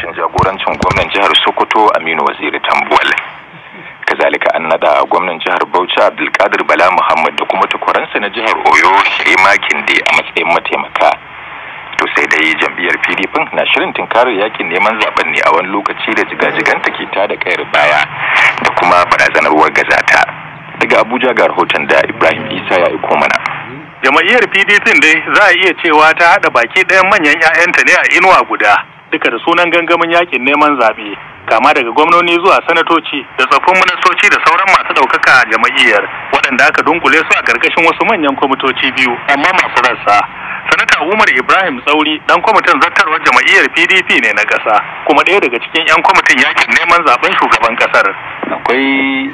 ƙarƙashin jagorancin gwamnan jihar Sokoto Aminu Waziri Tambuwal. Kazalika an nada gwamnan jihar Bauchi Abdulkadir Bala Muhammad da kuma takwaransa na jihar Oyo makin Kinde a matsayin mataimaka. To sai dai jam'iyyar PDP na shirin tunkarar yakin neman zaben ne a wani lokaci da jiga ta ke da kayar baya da kuma barazanar gazata, Daga Abuja ga rahoton da Ibrahim Isa ya iko mana. jama'iyyar pdp dai za a iya cewa ta haɗa baki ɗayan manyan 'ya'yanta ne a inuwa guda duka da sunan gangamin yakin neman zaɓe kama daga gwamnoni zuwa sanatoci da tsoffin ministoci da sauran masu ɗaukaka a jama'iyyar waɗanda aka dunkule su a ƙarƙashin wasu manyan kwamitoci biyu amma masu rassa sanata umar ibrahim tsauri dan kwamitin zartarwar jama'iyyar pdp ne na ƙasa kuma ɗaya daga cikin 'yan kwamitin yakin neman zaben shugaban ƙasar akwai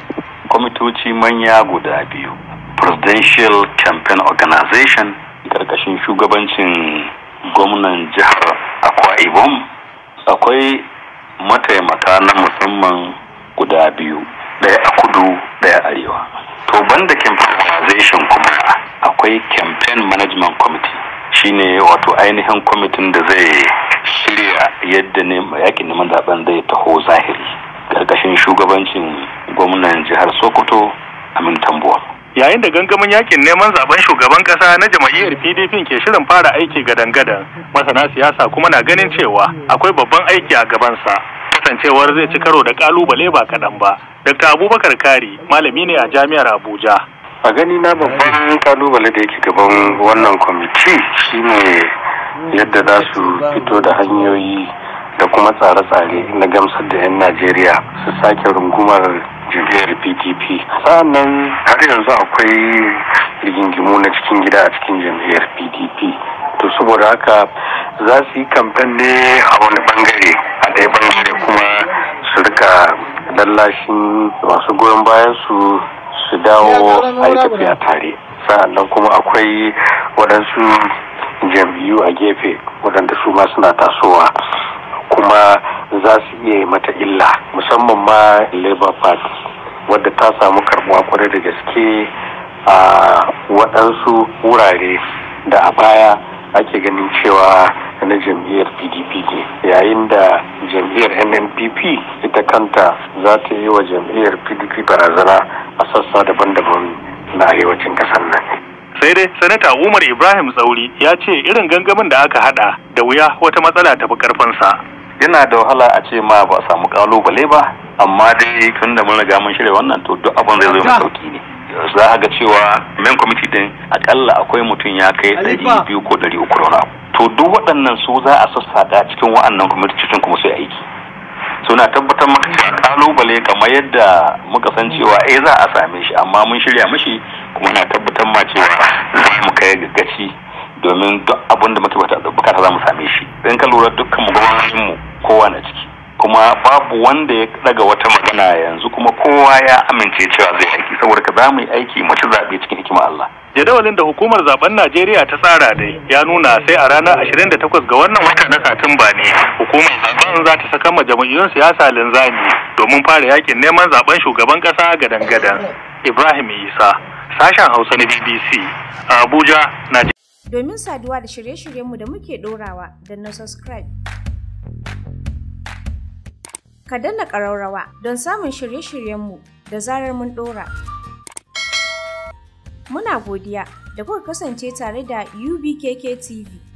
kwamitoci manya guda biyu presidential campaign organization ƙarƙashin shugabancin gwamnan jihar akwa ibom akwai mataimaka na musamman guda biyu ɗaya a kudu ɗaya arewa to banda campaign kuma akwai campaign management committee shine wato ainihin kwamitin da zai shirya yadda ne yakin neman zaben zai taho zahiri ƙarƙashin shugabancin gwamnan jihar sokoto amin tambuwa yayin da gangamin yakin neman zaben shugaban kasa na jam'iyyar pdp ke shirin fara aiki gadan-gadan masana siyasa kuma na ganin cewa akwai babban aiki a gabansa kasancewar zai ci karo da kalubale ba kaɗan ba dr abubakar kari malami ne a jami'ar abuja a gani na babban kalubale da yake gaban wannan kwamiti shine yadda za su fito da hanyoyi da kuma tsare-tsare na gamsar da 'yan najeriya su sake rungumar jam'iyyar pdp sa'annan har yanzu akwai rigingimu na cikin gida a cikin jam'iyyar pdp to saboda haka za su yi kamfen ne a wani bangare a ɗaya bangare kuma su rika lallashin masu goyon bayan su su dawo a yi tafiya tare sa'annan kuma akwai waɗansu jam'iyyu a gefe waɗanda su ma suna tasowa kuma za su iya yi mata illa musamman ma labour party wadda ta samu karbuwa kwarai da gaske a waɗansu wurare da a baya ake ganin cewa na jam'iyyar pdp ne yayin da jam'iyyar nnpp ita kanta za ta yi wa jam'iyyar pdp barazana a sassa daban-daban na arewacin ƙasar nan sai dai sanata umar ibrahim tsauri ya ce irin gangamin da aka hada da wuya wata matsala ta fi karfinsa yana da wahala a ce ma ba samu kalubale ba amma dai tun da mun riga mun shirya wannan to duk abin zai zo mai sauki ne za a ga cewa men committee din akalla akwai mutum ya kai ɗari biyu ko ɗari uku da to duk waɗannan su za a sassaɗa cikin wa'annan cikin kuma sai aiki suna tabbatar maka cewa kalubale kamar yadda muka san cewa eh za a same shi amma mun shirya mishi kuma na tabbatar ma cewa za mu kai gaggaci domin duk abin da muke bukata za mu same shi in ka lura dukkan mu mu kowa na ciki kuma babu wanda ya daga wata magana yanzu kuma kowa ya amince cewa zai aiki saboda ka za mu yi aiki mu ci zaɓe cikin hikima Allah jadawalin da hukumar zaben Najeriya ta tsara dai ya nuna sai a ranar 28 ga wannan wata na Satumba ne hukumar zaben za ta saka jam'iyyun siyasa linzami domin fara yakin neman zaben shugaban ƙasa gadan gadan Ibrahim Isa sashen Hausa na BBC Abuja Najeriya domin saduwa da shirye-shiryenmu da muke ɗorawa da na subscribe ka danna ƙaraurawa don samun shirye-shiryenmu da zarar mun ɗora. Muna godiya da kuka kasance tare da UBKK TV.